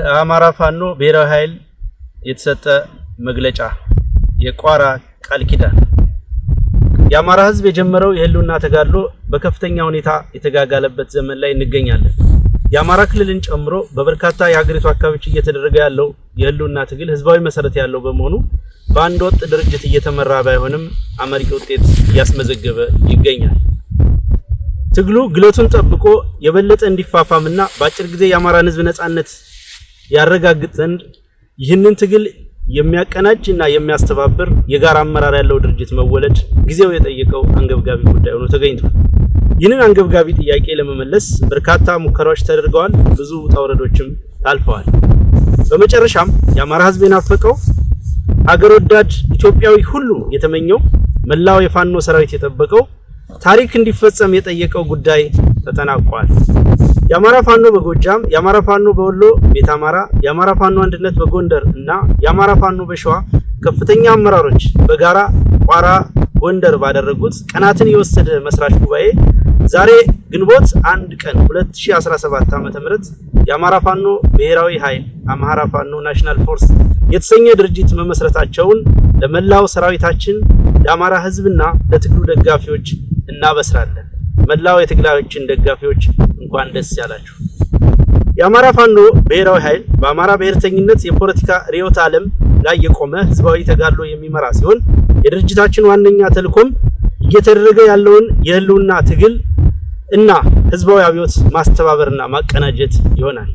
ከአማራ ፋኖ ብሔራዊ ኃይል የተሰጠ መግለጫ የቋራ ቃል ኪዳን። የአማራ ሕዝብ የጀመረው የህልውና ተጋድሎ በከፍተኛ ሁኔታ የተጋጋለበት ዘመን ላይ እንገኛለን። የአማራ ክልልን ጨምሮ በበርካታ የሀገሪቱ አካባቢዎች እየተደረገ ያለው የህልውና ትግል ህዝባዊ መሰረት ያለው በመሆኑ በአንድ ወጥ ድርጅት እየተመራ ባይሆንም አመርቂ ውጤት እያስመዘገበ ይገኛል። ትግሉ ግለቱን ጠብቆ የበለጠ እንዲፋፋምና በአጭር ጊዜ የአማራን ህዝብ ነጻነት ያረጋግጥ ዘንድ ይህንን ትግል የሚያቀናጅ እና የሚያስተባብር የጋራ አመራር ያለው ድርጅት መወለድ ጊዜው የጠየቀው አንገብጋቢ ጉዳይ ሆኖ ተገኝቷል። ይህንን አንገብጋቢ ጥያቄ ለመመለስ በርካታ ሙከራዎች ተደርገዋል። ብዙ ውጣ ውረዶችም ታልፈዋል። በመጨረሻም የአማራ ሕዝብ የናፈቀው ሀገር ወዳድ ኢትዮጵያዊ ሁሉ የተመኘው መላው የፋኖ ሰራዊት የጠበቀው ታሪክ እንዲፈጸም የጠየቀው ጉዳይ ተጠናቋል። የአማራ ፋኖ በጎጃም፣ የአማራ ፋኖ በወሎ ቤት አማራ፣ የአማራ ፋኖ አንድነት በጎንደር እና የአማራ ፋኖ በሸዋ ከፍተኛ አመራሮች በጋራ ቋራ ጎንደር ባደረጉት ቀናትን የወሰደ መስራች ጉባኤ ዛሬ ግንቦት አንድ ቀን 2017 ዓ.ም የአማራ ፋኖ ብሔራዊ ኃይል አማራ ፋኖ ናሽናል ፎርስ የተሰኘ ድርጅት መመስረታቸውን ለመላው ሰራዊታችን ለአማራ ህዝብና ለትግሉ ደጋፊዎች እናበስራለን። መላው የትግላዮችን ደጋፊዎች እንኳን ደስ ያላችሁ። የአማራ ፋኖ ብሔራዊ ኃይል በአማራ ብሔርተኝነት የፖለቲካ ርዕዮተ ዓለም ላይ የቆመ ህዝባዊ ተጋድሎ የሚመራ ሲሆን የድርጅታችን ዋነኛ ተልዕኮም እየተደረገ ያለውን የህልውና ትግል እና ህዝባዊ አብዮት ማስተባበርና ማቀናጀት ይሆናል።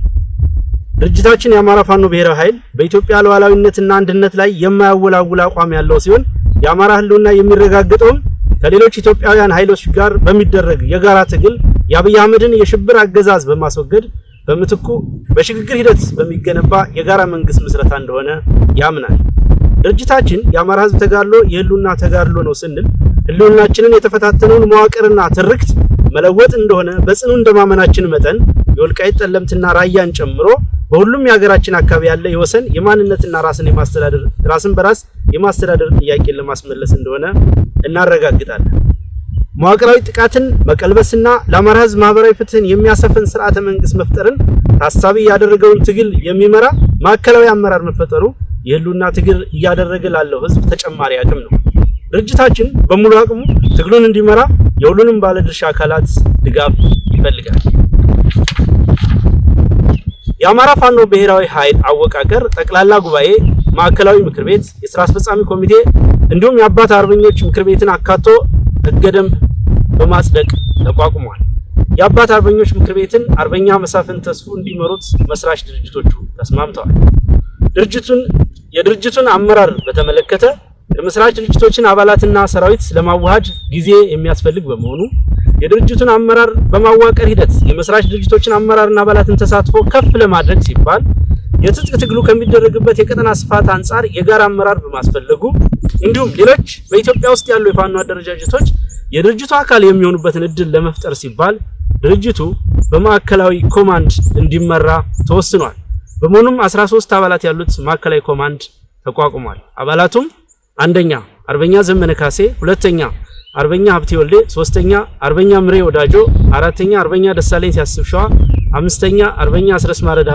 ድርጅታችን የአማራ ፋኖ ብሔራዊ ኃይል በኢትዮጵያ ሉዓላዊነትና አንድነት ላይ የማያወላውል አቋም ያለው ሲሆን የአማራ ህልውና የሚረጋገጠውም ከሌሎች ኢትዮጵያውያን ኃይሎች ጋር በሚደረግ የጋራ ትግል የአብይ አህመድን የሽብር አገዛዝ በማስወገድ በምትኩ በሽግግር ሂደት በሚገነባ የጋራ መንግስት ምስረታ እንደሆነ ያምናል። ድርጅታችን የአማራ ህዝብ ተጋድሎ የህልውና ተጋድሎ ነው ስንል ህልውናችንን የተፈታተነውን መዋቅርና ትርክት መለወጥ እንደሆነ በጽኑ እንደማመናችን መጠን የወልቃይት ጠለምትና ራያን ጨምሮ በሁሉም የሀገራችን አካባቢ ያለ የወሰን የማንነትና ራስን የማስተዳደር ራስን በራስ የማስተዳደር ጥያቄን ለማስመለስ እንደሆነ እናረጋግጣለን። መዋቅራዊ ጥቃትን መቀልበስና ለአማራ ህዝብ ማህበራዊ ፍትህን የሚያሰፍን ስርዓተ መንግስት መፍጠርን ታሳቢ ያደረገውን ትግል የሚመራ ማዕከላዊ አመራር መፈጠሩ የህሉና ትግል እያደረገ ላለው ህዝብ ተጨማሪ አቅም ነው። ድርጅታችን በሙሉ አቅሙ ትግሉን እንዲመራ የሁሉንም ባለድርሻ አካላት ድጋፍ ይፈልጋል። የአማራ ፋኖ ብሔራዊ ኃይል አወቃቀር ጠቅላላ ጉባኤ፣ ማዕከላዊ ምክር ቤት፣ የስራ አስፈጻሚ ኮሚቴ እንዲሁም የአባት አርበኞች ምክር ቤትን አካቶ ህገ ደንብ በማጽደቅ ተቋቁሟል። የአባት አርበኞች ምክር ቤትን አርበኛ መሳፍን ተስፉ እንዲመሩት መስራች ድርጅቶቹ ተስማምተዋል። ድርጅቱን የድርጅቱን አመራር በተመለከተ የምስራች ድርጅቶችን አባላትና ሰራዊት ለማዋሃድ ጊዜ የሚያስፈልግ በመሆኑ የድርጅቱን አመራር በማዋቀር ሂደት የመስራች ድርጅቶችን አመራርና አባላትን ተሳትፎ ከፍ ለማድረግ ሲባል የትጥቅ ትግሉ ከሚደረግበት የቀጠና ስፋት አንጻር የጋራ አመራር በማስፈለጉ እንዲሁም ሌሎች በኢትዮጵያ ውስጥ ያሉ የፋኖ አደረጃጀቶች የድርጅቱ አካል የሚሆኑበትን እድል ለመፍጠር ሲባል ድርጅቱ በማዕከላዊ ኮማንድ እንዲመራ ተወስኗል። በመሆኑም 13 አባላት ያሉት ማዕከላዊ ኮማንድ ተቋቁሟል። አባላቱም አንደኛ አርበኛ ዘመነ ካሴ፣ ሁለተኛ አርበኛ ሀብቴ ወልዴ፣ ሶስተኛ አርበኛ ምሬ ወዳጆ፣ አራተኛ አርበኛ ደሳለኝ ሲያስብ ሸዋ፣ አምስተኛ አርበኛ አስረስ ማረድ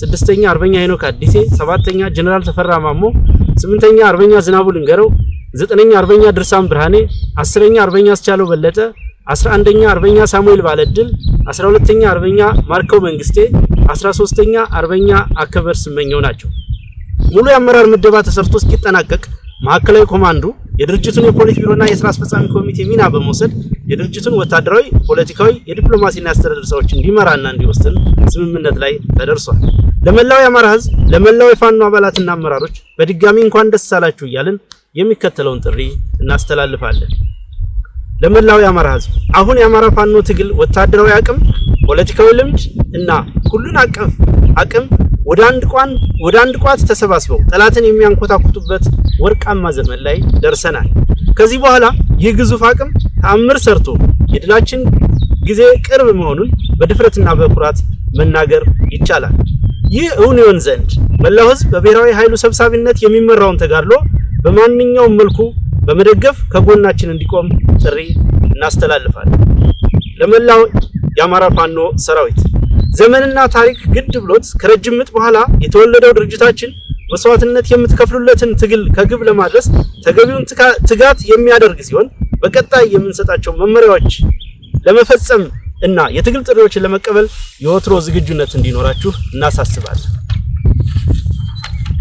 ስድስተኛ አርበኛ ሄኖክ አዲሴ፣ ሰባተኛ ጀነራል ተፈራ ማሞ፣ ስምንተኛ አርበኛ ዝናቡ ልንገረው፣ ዘጠነኛ አርበኛ ድርሳም ብርሃኔ፣ አስረኛ አርበኛ አስቻለው በለጠ፣ አስራ አንደኛ አርበኛ ሳሙኤል ባለድል፣ አስራ ሁለተኛ አርበኛ ማርከው መንግስቴ፣ አስራ ሶስተኛ አርበኛ አከበር ስመኘው ናቸው። ሙሉ የአመራር ምደባ ተሰርቶ እስኪጠናቀቅ ማዕከላዊ ኮማንዱ የድርጅቱን የፖሊት ቢሮና የስራ አስፈጻሚ ኮሚቴ ሚና በመውሰድ የድርጅቱን ወታደራዊ፣ ፖለቲካዊ፣ የዲፕሎማሲና የአስተዳደር ስራዎች እንዲመራና እንዲወስን ስምምነት ላይ ተደርሷል። ለመላው የአማራ ህዝብ፣ ለመላው የፋኖ አባላትና አመራሮች በድጋሚ እንኳን ደስ አላችሁ እያልን የሚከተለውን ጥሪ እናስተላልፋለን። ለመላው የአማራ ህዝብ አሁን የአማራ ፋኖ ትግል ወታደራዊ አቅም፣ ፖለቲካዊ ልምድ እና ሁሉን አቀፍ አቅም ወደ አንድ ቋን ወደ አንድ ቋት ተሰባስበው ጠላትን የሚያንኮታኩቱበት ወርቃማ ዘመን ላይ ደርሰናል። ከዚህ በኋላ ይህ ግዙፍ አቅም ተአምር ሰርቶ የድላችን ጊዜ ቅርብ መሆኑን በድፍረትና በኩራት መናገር ይቻላል። ይህ እውን ይሆን ዘንድ መላው ሕዝብ በብሔራዊ ኃይሉ ሰብሳቢነት የሚመራውን ተጋድሎ በማንኛውም መልኩ በመደገፍ ከጎናችን እንዲቆም ጥሪ እናስተላልፋለን። ለመላው የአማራ ፋኖ ሰራዊት ዘመንና ታሪክ ግድ ብሎት ከረጅም ምጥ በኋላ የተወለደው ድርጅታችን መስዋዕትነት የምትከፍሉለትን ትግል ከግብ ለማድረስ ተገቢውን ትጋት የሚያደርግ ሲሆን በቀጣይ የምንሰጣቸው መመሪያዎች ለመፈጸም እና የትግል ጥሪዎችን ለመቀበል የወትሮ ዝግጁነት እንዲኖራችሁ እናሳስባለን።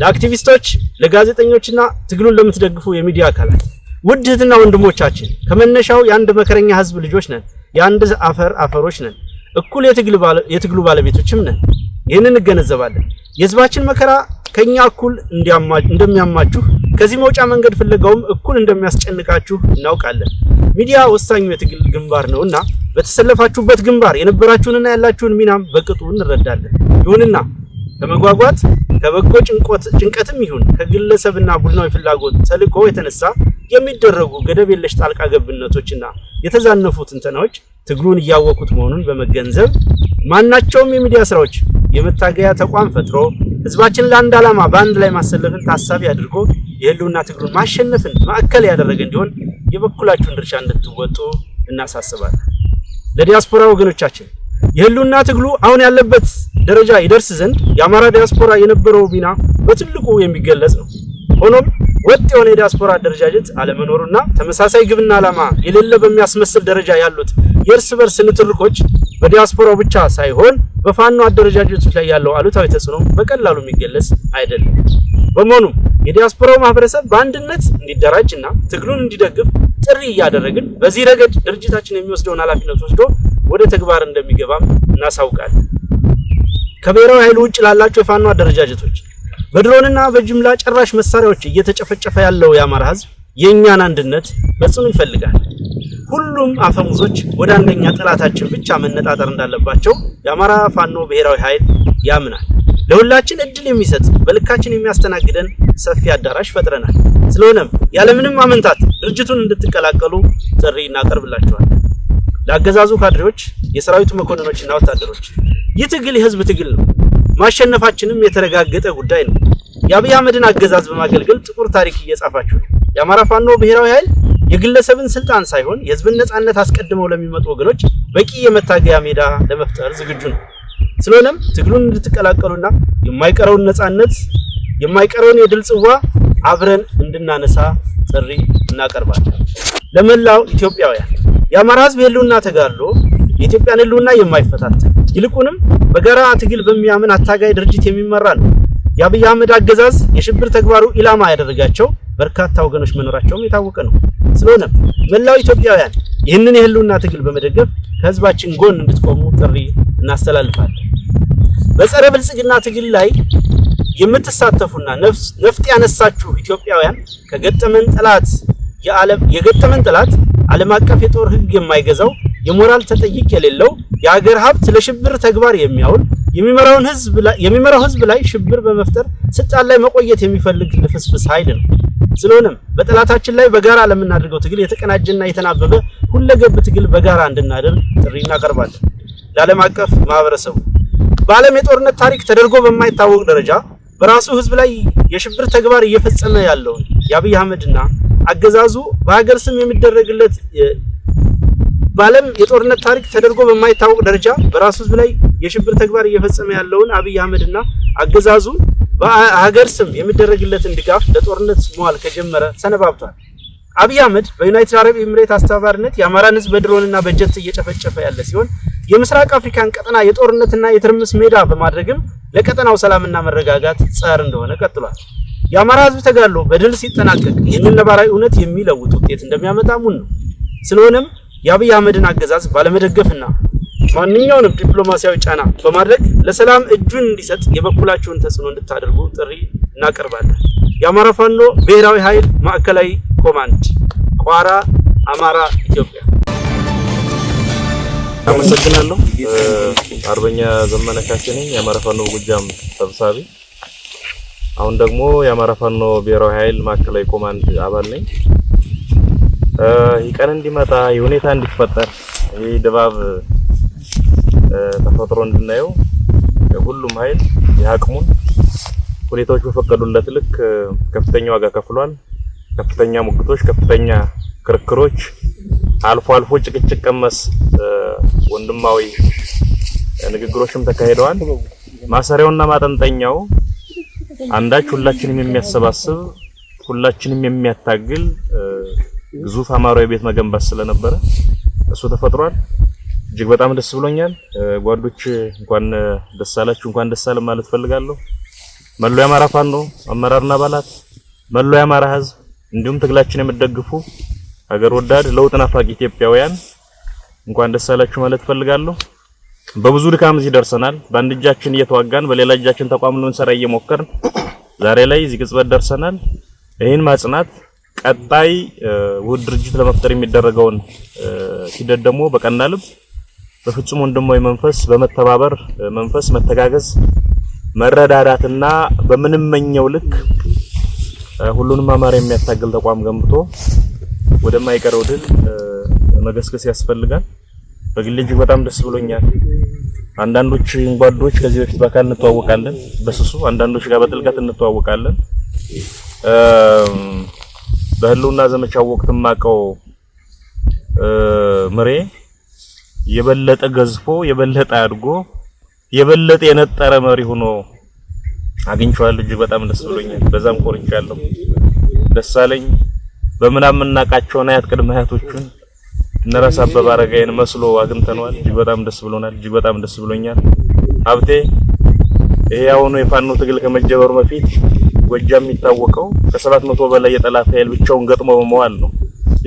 ለአክቲቪስቶች፣ ለጋዜጠኞችና ትግሉን ለምትደግፉ የሚዲያ አካላት ውድ እህትና ወንድሞቻችን ከመነሻው የአንድ መከረኛ ህዝብ ልጆች ነን። የአንድ አፈር አፈሮች ነን። እኩል የትግሉ ባለቤቶችም ነን። ይህን እንገነዘባለን። የህዝባችን መከራ ከኛ እኩል እንደሚያማችሁ ከዚህ መውጫ መንገድ ፍለጋውም እኩል እንደሚያስጨንቃችሁ እናውቃለን። ሚዲያ ወሳኙ የትግል ግንባር ነውና በተሰለፋችሁበት ግንባር የነበራችሁንና ያላችሁን ሚናም በቅጡ እንረዳለን። ይሁንና ከመጓጓት ከበጎ ጭንቀትም ይሁን ከግለሰብና ቡድናዊ ፍላጎት ተልዕኮ የተነሳ የሚደረጉ ገደብ የለሽ ጣልቃ ገብነቶችና የተዛነፉ ትንተናዎች ትግሉን እያወቁት መሆኑን በመገንዘብ ማናቸውም የሚዲያ ስራዎች የመታገያ ተቋም ፈጥሮ ህዝባችን ለአንድ ዓላማ በአንድ ላይ ማሰለፍን ታሳቢ አድርጎ የህልውና ትግሉን ማሸነፍን ማዕከል ያደረገ እንዲሆን የበኩላችሁን ድርሻ እንድትወጡ እናሳስባለን። ለዲያስፖራ ወገኖቻችን የህልውና ትግሉ አሁን ያለበት ደረጃ ይደርስ ዘንድ የአማራ ዲያስፖራ የነበረው ሚና በትልቁ የሚገለጽ ነው። ሆኖም ወጥ የሆነ የዲያስፖራ አደረጃጀት አለመኖሩና ተመሳሳይ ግብና ዓላማ የሌለ በሚያስመስል ደረጃ ያሉት የእርስ በርስ ንትርኮች በዲያስፖራው ብቻ ሳይሆን በፋኖ አደረጃጀቶች ላይ ያለው አሉታዊ ተጽዕኖ በቀላሉ የሚገለጽ አይደለም። በመሆኑም የዲያስፖራው ማህበረሰብ በአንድነት እንዲደራጅ እና ትግሉን እንዲደግፍ ጥሪ እያደረግን በዚህ ረገድ ድርጅታችን የሚወስደውን ኃላፊነት ወስዶ ወደ ተግባር እንደሚገባም እናሳውቃለን። ከብሔራዊ ኃይሉ ውጭ ላላቸው የፋኖ አደረጃጀቶች በድሮንና በጅምላ ጨራሽ መሳሪያዎች እየተጨፈጨፈ ያለው የአማራ ህዝብ የእኛን አንድነት በጽኑ ይፈልጋል። ሁሉም አፈሙዞች ወደ አንደኛ ጠላታችን ብቻ መነጣጠር እንዳለባቸው የአማራ ፋኖ ብሔራዊ ኃይል ያምናል። ለሁላችን እድል የሚሰጥ በልካችን የሚያስተናግደን ሰፊ አዳራሽ ፈጥረናል። ስለሆነም ያለምንም አመንታት ድርጅቱን እንድትቀላቀሉ ጥሪ እናቀርብላችኋል። ለአገዛዙ ካድሬዎች፣ የሰራዊቱ መኮንኖችና ወታደሮች ይህ ትግል የህዝብ ትግል ነው። ማሸነፋችንም የተረጋገጠ ጉዳይ ነው። የአብይ አህመድን አገዛዝ በማገልገል ጥቁር ታሪክ እየጻፋችሁ ነው። የአማራ ፋኖ ብሔራዊ ኃይል የግለሰብን ስልጣን ሳይሆን የህዝብን ነጻነት አስቀድመው ለሚመጡ ወገኖች በቂ የመታገያ ሜዳ ለመፍጠር ዝግጁ ነው። ስለሆነም ትግሉን እንድትቀላቀሉና የማይቀረውን ነጻነት የማይቀረውን የድል ጽዋ አብረን እንድናነሳ ጥሪ እናቀርባለን። ለመላው ኢትዮጵያውያን የአማራ ህዝብ የህልውና ተጋድሎ የኢትዮጵያን ህልውና የማይፈታተን ይልቁንም በጋራ ትግል በሚያምን አታጋይ ድርጅት የሚመራ ነው። የአብይ አህመድ አገዛዝ የሽብር ተግባሩ ኢላማ ያደረጋቸው በርካታ ወገኖች መኖራቸውም የታወቀ ነው። ስለሆነም መላው ኢትዮጵያውያን ይህንን የህልውና ትግል በመደገፍ ከህዝባችን ጎን እንድትቆሙ ጥሪ እናስተላልፋለን። በጸረ ብልጽግና ትግል ላይ የምትሳተፉና ነፍጥ ያነሳችሁ ኢትዮጵያውያን ከገጠመን ጠላት የገጠመን ጥላት ዓለም አቀፍ የጦር ህግ የማይገዛው የሞራል ተጠይቅ የሌለው የአገር ሀብት ለሽብር ተግባር የሚያውል የሚመራው ህዝብ ላይ ሽብር በመፍጠር ስልጣን ላይ መቆየት የሚፈልግ ልፍስፍስ ኃይል ነው። ስለሆነም በጠላታችን ላይ በጋራ ለምናደርገው ትግል የተቀናጀና የተናበበ ሁለገብ ትግል በጋራ እንድናደርግ ጥሪ እናቀርባለን። ለዓለም አቀፍ ማህበረሰቡ በዓለም የጦርነት ታሪክ ተደርጎ በማይታወቅ ደረጃ በራሱ ህዝብ ላይ የሽብር ተግባር እየፈጸመ ያለውን የአብይ አህመድና አገዛዙ በሀገር ስም የሚደረግለት በዓለም የጦርነት ታሪክ ተደርጎ በማይታወቅ ደረጃ በራሱ ህዝብ ላይ የሽብር ተግባር እየፈጸመ ያለውን አብይ አህመድና አገዛዙ በሀገር ስም የሚደረግለትን ድጋፍ ለጦርነት መዋል ከጀመረ ሰነባብቷል። አብይ አህመድ በዩናይትድ አረብ ኤምሬት አስተባባሪነት የአማራን ህዝብ በድሮንና በጀት እየጨፈጨፈ ያለ ሲሆን የምስራቅ አፍሪካን ቀጠና የጦርነትና የትርምስ ሜዳ በማድረግም ለቀጠናው ሰላምና መረጋጋት ጸር እንደሆነ ቀጥሏል። የአማራ ህዝብ ተጋድሎ በድል ሲጠናቀቅ ይህንን ነባራዊ እውነት የሚለውጥ ውጤት እንደሚያመጣ ሙን ነው። ስለሆነም የአብይ አህመድን አገዛዝ ባለመደገፍና ማንኛውንም ዲፕሎማሲያዊ ጫና በማድረግ ለሰላም እጁን እንዲሰጥ የበኩላችሁን ተጽዕኖ እንድታደርጉ ጥሪ እናቀርባለን። የአማራ ፋኖ ብሔራዊ ኃይል ማዕከላዊ ኮማንድ ቋራ፣ አማራ፣ ኢትዮጵያ። አመሰግናለሁ። አርበኛ ዘመነ ካሴ ነኝ፣ የአማራ ፋኖ ጎጃም ሰብሳቢ አሁን ደግሞ የአማራ ፋኖ ብሔራዊ ኃይል ማዕከላዊ ኮማንድ አባል ነኝ። ይህ እንዲመጣ የሁኔታ እንዲፈጠር ይህ ድባብ ተፈጥሮ እንድናየው ሁሉም ኃይል የአቅሙን ሁኔታዎች በፈቀዱለት ልክ ከፍተኛ ዋጋ ከፍሏል። ከፍተኛ ሙግቶች፣ ከፍተኛ ክርክሮች፣ አልፎ አልፎ ጭቅጭቅ ቀመስ ወንድማዊ ንግግሮችም ተካሂደዋል። ማሰሪያውና ማጠንጠኛው አንዳች ሁላችንም የሚያሰባስብ ሁላችንም የሚያታግል ግዙፍ አማራዊ ቤት መገንባት ስለነበረ እሱ ተፈጥሯል። እጅግ በጣም ደስ ብሎኛል። ጓዶች እንኳን ደስ አላችሁ፣ እንኳን ደስ አለ ማለት ፈልጋለሁ። መሎ የአማራ ፋኖ አመራርና አባላት፣ መሎ የአማራ ሕዝብ እንዲሁም ትግላችን የምትደግፉ ሀገር ወዳድ ለውጥ ናፋቂ ኢትዮጵያውያን እንኳን ደስ አላችሁ ማለት ፈልጋለሁ። በብዙ ድካም እዚህ ደርሰናል። በአንድ እጃችን እየተዋጋን በሌላ እጃችን ተቋም ልንሰራ እየሞከርን ዛሬ ላይ እዚህ ቅጽበት ደርሰናል። ይህን ማጽናት ቀጣይ ውህድ ድርጅት ለመፍጠር የሚደረገውን ሂደት ደግሞ በቀና ልብ በፍጹም ወንድማዊ መንፈስ በመተባበር መንፈስ መተጋገዝ፣ መረዳዳትና በምንመኘው ልክ ሁሉንም አማራ የሚያታግል ተቋም ገንብቶ ወደማይቀረው ድል መገስገስ ያስፈልጋል። በግሌ እጅግ በጣም ደስ ብሎኛል። አንዳንዶች ጓዶች ከዚህ በፊት በአካል እንተዋወቃለን በስሱ አንዳንዶች ጋር በጥልቀት እንተዋወቃለን። በህልውና ዘመቻው ወቅት ማቀው ምሬ የበለጠ ገዝፎ የበለጠ አድጎ የበለጠ የነጠረ መሪ ሆኖ አግኝቼዋለሁ። እጅግ በጣም ደስ ብሎኛል። በዛም ቆርጫለሁ። ደሳለኝ በምናምን እናቃቸውን አያት ቅድመ አያቶቹን እነራስ አበበ አረጋይን መስሎ አግኝተነዋል። እጅግ በጣም ደስ ብሎናል። እጅግ በጣም ደስ ብሎኛል። ሀብቴ ይሄ አሁኑ የፋኖ ትግል ከመጀመሩ በፊት ጎጃም የሚታወቀው ከሰባት መቶ በላይ የጠላት ኃይል ብቻውን ገጥሞ በመዋል ነው።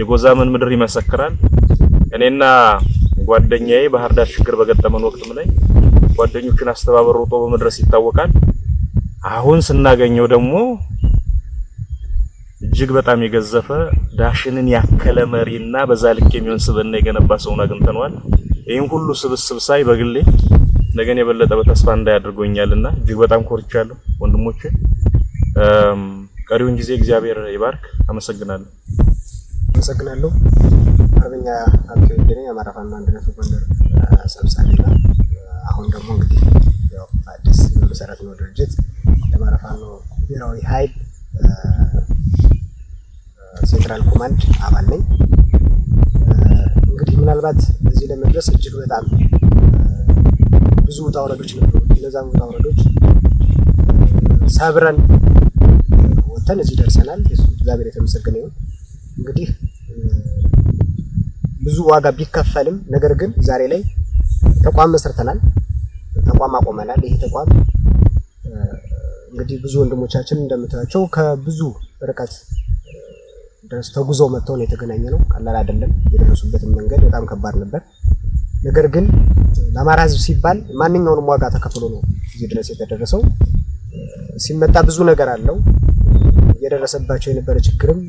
የጎዛመን ምድር ይመሰክራል። እኔና ጓደኛዬ ባህር ዳር ችግር በገጠመን ወቅትም ላይ ጓደኞቹን አስተባበር ሮጦ በመድረስ ይታወቃል። አሁን ስናገኘው ደግሞ እጅግ በጣም የገዘፈ ዳሽንን ያከለ መሪና በዛ ልክ የሚሆን ስብና የገነባ ሰውን አግኝተነዋል። ይህም ሁሉ ስብስብ ሳይ በግሌ ነገን የበለጠ በተስፋ እንዳይ አድርጎኛልና እጅግ በጣም ኮርቻለሁ ወንድሞቼ። ቀሪውን ጊዜ እግዚአብሔር ይባርክ። አመሰግናለሁ። አመሰግናለሁ። አብኛ አብቶ ይገኝ የአማራ ፋኖ አንድነት ጎንደር ሰብሳቢና አሁን ደግሞ እንግዲህ ያው አዲስ መሰረት ነው ድርጅት የአማራ ፋኖ ብሔራዊ ኃይል ሴንትራል ኮማንድ አባል ነኝ። እንግዲህ ምናልባት እዚህ ለመድረስ እጅግ በጣም ብዙ ውጣ ውረዶች ነበሩ። እነዛም ውጣ ውረዶች ሰብረን ወጥተን እዚህ ደርሰናል። እግዚአብሔር የተመሰገነ ይሁን። እንግዲህ ብዙ ዋጋ ቢከፈልም ነገር ግን ዛሬ ላይ ተቋም መስርተናል፣ ተቋም አቆመናል። ይሄ ተቋም እንግዲህ ብዙ ወንድሞቻችን እንደምታያቸው ከብዙ ርቀት ድረስ ተጉዘው መጥተውን የተገናኘ ነው። ቀላል አይደለም። የደረሱበትን መንገድ በጣም ከባድ ነበር። ነገር ግን ለአማራ ህዝብ ሲባል ማንኛውንም ዋጋ ተከፍሎ ነው እዚህ ድረስ የተደረሰው። ሲመጣ ብዙ ነገር አለው። የደረሰባቸው የነበረ ችግርም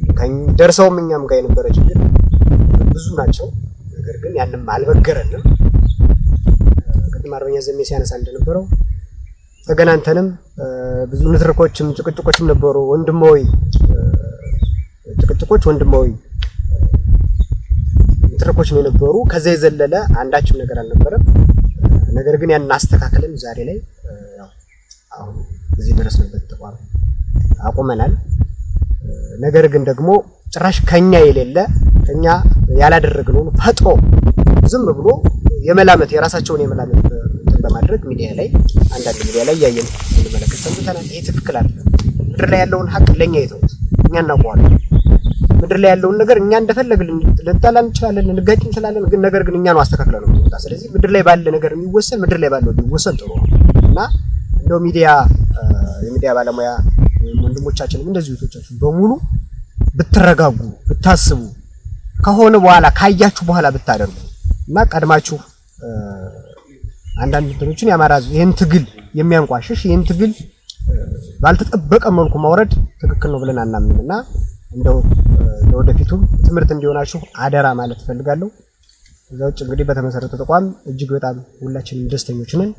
ደርሰውም እኛም ጋር የነበረ ችግር ብዙ ናቸው። ነገር ግን ያንም አልበገረንም። ቅድም አርበኛ ዘሜ ሲያነሳ እንደነበረው ተገናኝተንም ብዙ ንትርኮችም ጭቅጭቆችም ነበሩ። ወንድማዊ ጭቅጭቆች ወንድማዊ ትርኮች ነው የነበሩ። ከዛ የዘለለ አንዳችም ነገር አልነበረም። ነገር ግን ያን አስተካክለን ዛሬ ላይ አሁን እዚህ ደረስንበት ተቋም አቁመናል። ነገር ግን ደግሞ ጭራሽ ከኛ የሌለ ከኛ ያላደረግነውን ፈጥሮ ዝም ብሎ የመላመት የራሳቸውን የመላመት በማድረግ ሚዲያ ላይ አንዳንድ ሚዲያ ላይ እያየን እንመለከት ሰምተናል። ይሄ ትክክል አይደለም። ምድር ላይ ያለውን ሀቅ ለእኛ የተውት እኛ እናውቀዋለን። ምድር ላይ ያለውን ነገር እኛ እንደፈለግልን ልንጣላ እንችላለን፣ ልንጋጭ እንችላለን። ግን ነገር ግን እኛ ነው አስተካክለ ነው የሚወጣ። ስለዚህ ምድር ላይ ባለ ነገር የሚወሰን ምድር ላይ ባለው የሚወሰን ጥሩ ነው እና እንደው ሚዲያ የሚዲያ ባለሙያ ወንድሞቻችንም እንደዚህ እህቶቻችን በሙሉ ብትረጋጉ ብታስቡ ከሆነ በኋላ ካያችሁ በኋላ ብታደርጉ እና ቀድማችሁ አንዳንድ እንትኖችን ያማራዙ ይህን ትግል የሚያንቋሽሽ ይህን ትግል ባልተጠበቀ መልኩ ማውረድ ትክክል ነው ብለን አናምንም እና እንደው ለወደፊቱም ትምህርት እንዲሆናችሁ አደራ ማለት እፈልጋለሁ። እዛ ውጭ እንግዲህ በተመሰረተ ተቋም እጅግ በጣም ሁላችንም ደስተኞች ነን።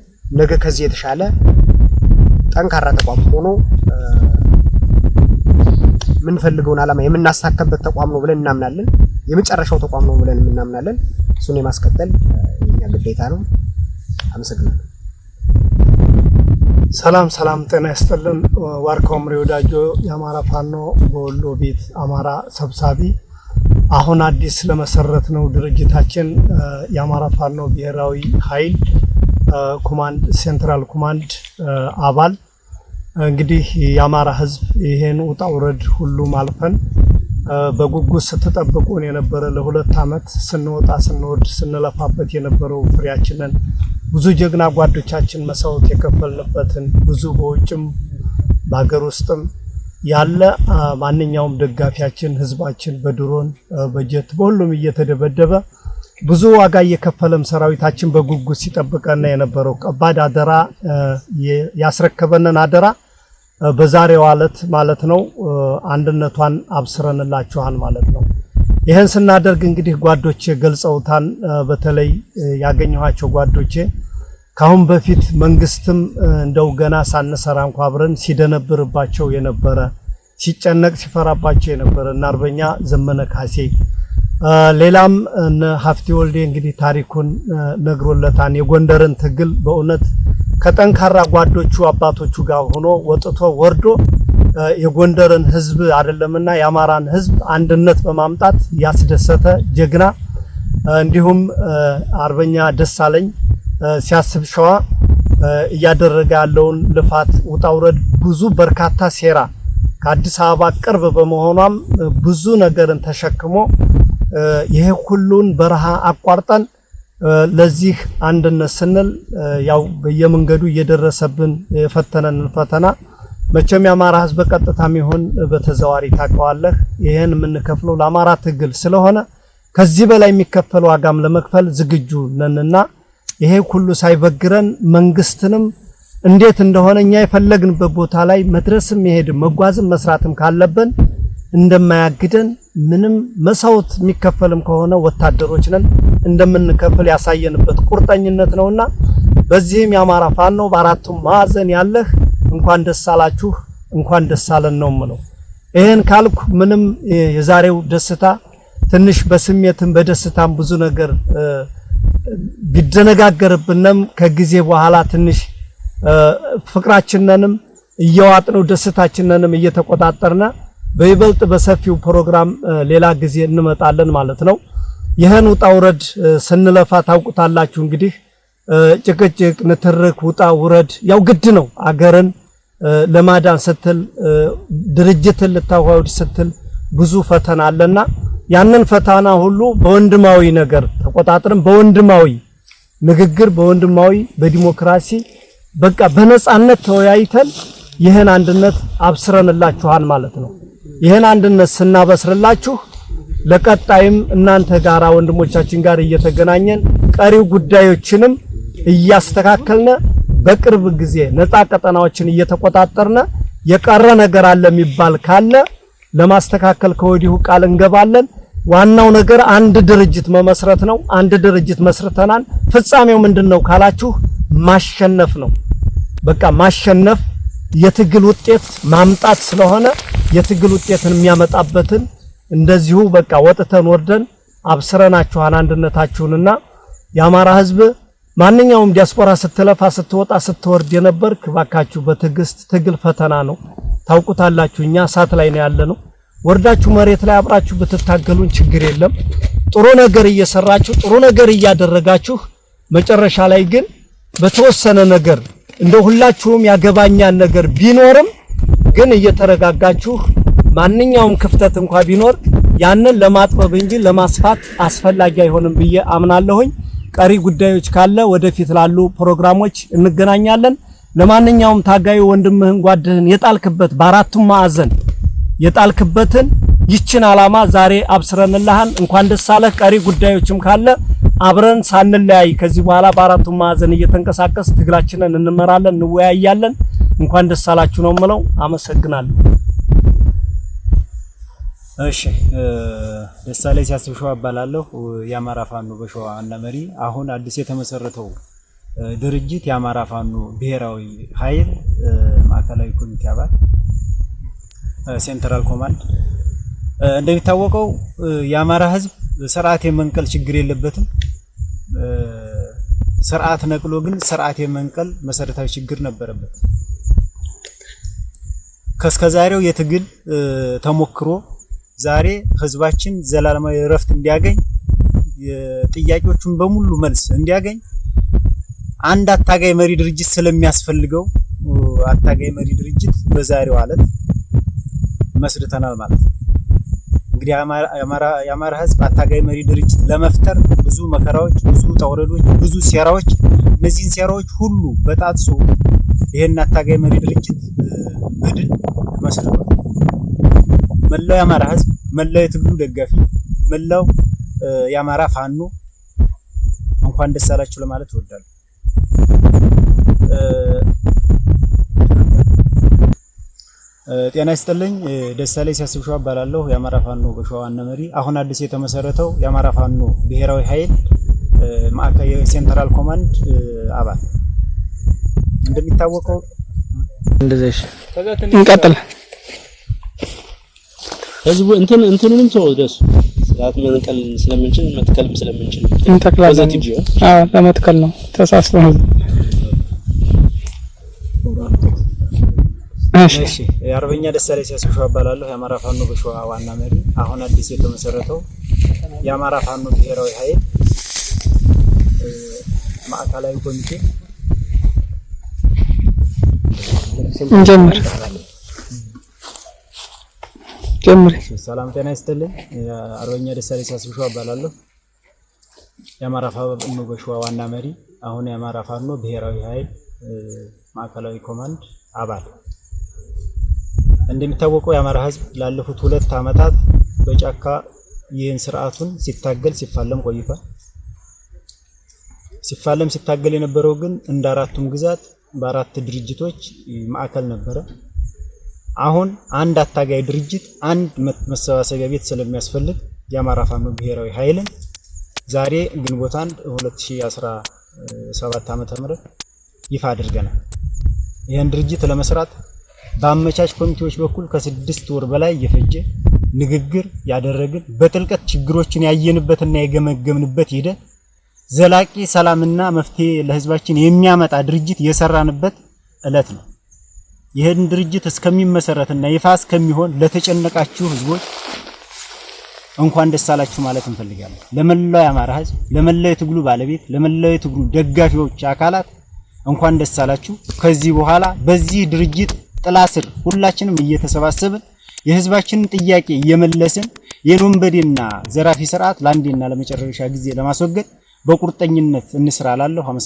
ነገ ከዚህ የተሻለ ጠንካራ ተቋም ሆኖ የምንፈልገውን ዓላማ የምናሳከበት ተቋም ነው ብለን እናምናለን። የመጨረሻው ተቋም ነው ብለን እናምናለን። እሱን የማስቀጠል የኛ ግዴታ ነው። አመሰግናለሁ። ሰላም ሰላም፣ ጤና ይስጥልን። ዋርካው ምሬ ወዳጆ የአማራ ፋኖ በወሎ ቤት አማራ ሰብሳቢ፣ አሁን አዲስ ለመሰረት ነው ድርጅታችን የአማራ ፋኖ ብሔራዊ ኃይል ኮማንድ ሴንትራል ኮማንድ አባል እንግዲህ የአማራ ህዝብ ይሄን ውጣ ውረድ ሁሉም አልፈን በጉጉት ስትጠብቁን የነበረ ለሁለት ዓመት ስንወጣ ስንወድ ስንለፋበት የነበረው ፍሬያችንን ብዙ ጀግና ጓዶቻችን መስዋዕት የከፈልንበትን ብዙ በውጭም በሀገር ውስጥም ያለ ማንኛውም ደጋፊያችን ህዝባችን በድሮን በጀት በሁሉም እየተደበደበ ብዙ ዋጋ እየከፈለም ሰራዊታችን በጉጉት ሲጠብቀና የነበረው ከባድ አደራ ያስረከበንን አደራ በዛሬዋ ዕለት ማለት ነው አንድነቷን አብስረንላችኋል ማለት ነው። ይህን ስናደርግ እንግዲህ ጓዶቼ ገልጸውታን። በተለይ ያገኘኋቸው ጓዶቼ ካሁን በፊት መንግስትም እንደው ገና ሳንሰራ እንኳ አብረን ሲደነብርባቸው የነበረ ሲጨነቅ ሲፈራባቸው የነበረ እና አርበኛ ዘመነ ካሴ ሌላም እነ ወልዴ እንግዲህ ታሪኩን ነግሮለታን የጎንደርን ትግል በእውነት ከጠንካራ ጓዶቹ አባቶቹ ጋር ሆኖ ወጥቶ ወርዶ የጎንደርን ህዝብ አይደለምና የአማራን ህዝብ አንድነት በማምጣት ያስደሰተ ጀግና፣ እንዲሁም አርበኛ ደሳለኝ ሲያስብ ሸዋ እያደረገ ያለውን ልፋት ውጣውረድ ብዙ በርካታ ሴራ ከአዲስ አበባ ቅርብ በመሆኗም ብዙ ነገርን ተሸክሞ ይሄ ሁሉን በረሃ አቋርጠን ለዚህ አንድነት ስንል ያው በየመንገዱ እየደረሰብን የፈተነንን ፈተና መቼም የአማራ ሕዝብ በቀጥታም ይሁን በተዘዋዋሪ ታውቀዋለህ። ይህን የምንከፍለው ለአማራ ትግል ስለሆነ ከዚህ በላይ የሚከፈል ዋጋም ለመክፈል ዝግጁ ነንና ይሄ ሁሉ ሳይበግረን መንግስትንም እንዴት እንደሆነ እኛ የፈለግንበት ቦታ ላይ መድረስም መሄድም መጓዝም መስራትም ካለብን እንደማያግደን ምንም መሳውት የሚከፈልም ከሆነ ወታደሮች ነን እንደምንከፍል ያሳየንበት ቁርጠኝነት ነውና በዚህም የአማራ ፋኖ በአራቱም ማዕዘን ያለህ እንኳን ደስ አላችሁ እንኳን ደስ አለን ነው የምለው። ይሄን ካልኩ ምንም የዛሬው ደስታ ትንሽ በስሜትም በደስታም ብዙ ነገር ቢደነጋገርብንም ከጊዜ በኋላ ትንሽ ፍቅራችንንም እየዋጥነው ደስታችንንም እየተቆጣጠርና በይበልጥ በሰፊው ፕሮግራም ሌላ ጊዜ እንመጣለን ማለት ነው። ይህን ውጣ ውረድ ስንለፋ ታውቁታላችሁ። እንግዲህ ጭቅጭቅ፣ ንትርክ፣ ውጣ ውረድ ያው ግድ ነው። አገርን ለማዳን ስትል ድርጅትን ልታዋወድ ስትል ብዙ ፈተና አለና ያንን ፈተና ሁሉ በወንድማዊ ነገር ተቆጣጥረን በወንድማዊ ንግግር በወንድማዊ በዲሞክራሲ በቃ በነጻነት ተወያይተን ይህን አንድነት አብስረንላችኋል ማለት ነው። ይህን አንድነት ስናበስርላችሁ ለቀጣይም እናንተ ጋራ ወንድሞቻችን ጋር እየተገናኘን ቀሪው ጉዳዮችንም እያስተካከልነ በቅርብ ጊዜ ነፃ ቀጠናዎችን እየተቆጣጠርነ የቀረ ነገር አለ የሚባል ካለ ለማስተካከል ከወዲሁ ቃል እንገባለን። ዋናው ነገር አንድ ድርጅት መመስረት ነው። አንድ ድርጅት መስርተናል። ፍጻሜው ምንድን ነው ካላችሁ ማሸነፍ ነው። በቃ ማሸነፍ የትግል ውጤት ማምጣት ስለሆነ የትግል ውጤትን የሚያመጣበትን እንደዚሁ በቃ ወጥተን ወርደን አብስረናችኋል አንድነታችሁንና የአማራ ህዝብ ማንኛውም ዲያስፖራ ስትለፋ ስትወጣ ስትወርድ የነበር ክባካችሁ በትዕግስት ትግል ፈተና ነው። ታውቁታላችሁ። እኛ እሳት ላይ ነው ያለ ነው። ወርዳችሁ መሬት ላይ አብራችሁ ብትታገሉን ችግር የለም። ጥሩ ነገር እየሰራችሁ ጥሩ ነገር እያደረጋችሁ መጨረሻ ላይ ግን በተወሰነ ነገር እንደ ሁላችሁም ያገባኛል ነገር ቢኖርም ግን እየተረጋጋችሁ ማንኛውም ክፍተት እንኳ ቢኖር ያንን ለማጥበብ እንጂ ለማስፋት አስፈላጊ አይሆንም ብዬ አምናለሁኝ። ቀሪ ጉዳዮች ካለ ወደፊት ላሉ ፕሮግራሞች እንገናኛለን። ለማንኛውም ታጋዩ ወንድምህን ጓድህን የጣልክበት በአራቱም ማዕዘን የጣልክበትን ይችን ዓላማ ዛሬ አብስረንልሃን። እንኳን ደስ አለህ። ቀሪ ጉዳዮችም ካለ አብረን ሳንለያይ ከዚህ በኋላ በአራቱ ማዕዘን እየተንቀሳቀስ ትግላችንን እንመራለን፣ እንወያያለን። እንኳን ደስ አላችሁ ነው የምለው። አመሰግናለሁ። እሺ፣ ደሳለኝ ሲያስብ ሸዋ እባላለሁ። የአማራ ፋኖ በሸዋ ዋና መሪ፣ አሁን አዲስ የተመሰረተው ድርጅት የአማራ ፋኖ ብሔራዊ ኃይል ማዕከላዊ ኮሚቴ አባል ሴንትራል ኮማንድ። እንደሚታወቀው የአማራ ሕዝብ ስርዓት የመንቀል ችግር የለበትም። ስርዓት ነቅሎ ግን ስርዓት የመንቀል መሰረታዊ ችግር ነበረበት። ከስከዛሬው የትግል ተሞክሮ ዛሬ ህዝባችን ዘላለማዊ እረፍት እንዲያገኝ ጥያቄዎቹን በሙሉ መልስ እንዲያገኝ አንድ አታጋይ መሪ ድርጅት ስለሚያስፈልገው አታጋይ መሪ ድርጅት በዛሬው ዕለት መስርተናል ማለት ነው። እንግዲህ የአማራ ህዝብ አታጋይ መሪ ድርጅት ለመፍጠር ብዙ መከራዎች፣ ብዙ ውጣ ብዙ ሴራዎች፣ እነዚህን ሴራዎች ሁሉ በጣጥሶ ይህን አታጋይ መሪ ድርጅት በድል መስርቷል። መላው የአማራ ህዝብ መላው የትግሉ ደጋፊ መላው የአማራ ፋኖ እንኳን ደስ አላችሁ ለማለት እወዳለሁ። ጤና ይስጥልኝ። ደሳለኝ ሲያስብ ሸዋ እባላለሁ። የአማራ ፋኖ በሸዋ ዋና መሪ። አሁን አዲስ የተመሰረተው የአማራ ፋኖ ብሔራዊ ኃይል ማዕከል የሴንትራል ኮማንድ አባል እንደሚታወቀው እንደዚህ እንቀጥል። ህዝቡ እንትን እንትኑንም ተወው ደሱ ስርዓት መነቀል ስለምንችል መትከልም ስለምንችል እንተክላለን። አዎ ለመትከል ነው ተሳስበን እሺ አርበኛ ደሳለኝ ሲያስ ሸዋ እባላለሁ። የአማራ ፋኖ በሸዋ ዋና መሪ፣ አሁን አዲስ የተመሰረተው የአማራ ፋኖ ብሔራዊ ኃይል ማዕከላዊ ኮሚቴ ጀምር ጀምር። ሰላም ጤና ይስጥልኝ። አርበኛ ደሳለኝ ሲያስ ሸዋ እባላለሁ። የአማራ ፋኖ በሸዋ ዋና መሪ፣ አሁን የአማራ ፋኖ ብሔራዊ ኃይል ማዕከላዊ ኮማንድ አባል እንደሚታወቀው የአማራ ህዝብ ላለፉት ሁለት ዓመታት በጫካ ይህን ስርዓቱን ሲታገል ሲፋለም ቆይቷል። ሲፋለም ሲታገል የነበረው ግን እንደ አራቱም ግዛት በአራት ድርጅቶች ማዕከል ነበረ። አሁን አንድ አታጋይ ድርጅት አንድ መሰባሰቢያ ቤት ስለሚያስፈልግ የአማራ ፋኖ ብሔራዊ ኃይልን ዛሬ ግንቦት 1 2017 ዓ.ም ይፋ አድርገናል። ይህን ድርጅት ለመስራት በአመቻች ኮሚቴዎች በኩል ከስድስት ወር በላይ እየፈጀ ንግግር ያደረግን በጥልቀት ችግሮችን ያየንበትና የገመገምንበት ሂደት ዘላቂ ሰላምና መፍትሄ ለህዝባችን የሚያመጣ ድርጅት የሰራንበት እለት ነው። ይህን ድርጅት እስከሚመሰረትና ይፋ እስከሚሆን ለተጨነቃችሁ ህዝቦች እንኳን ደስ አላችሁ ማለት እንፈልጋለን። ለመላው የአማራ ህዝብ፣ ለመላው የትግሉ ባለቤት፣ ለመላው የትግሉ ደጋፊዎች አካላት እንኳን ደስ አላችሁ። ከዚህ በኋላ በዚህ ድርጅት ጥላ ስር ሁላችንም እየተሰባሰብን የህዝባችንን ጥያቄ እየመለስን የኖንበዴና ዘራፊ ስርዓት ለአንዴና ለመጨረሻ ጊዜ ለማስወገድ በቁርጠኝነት እንስራ አመሰግናለሁ።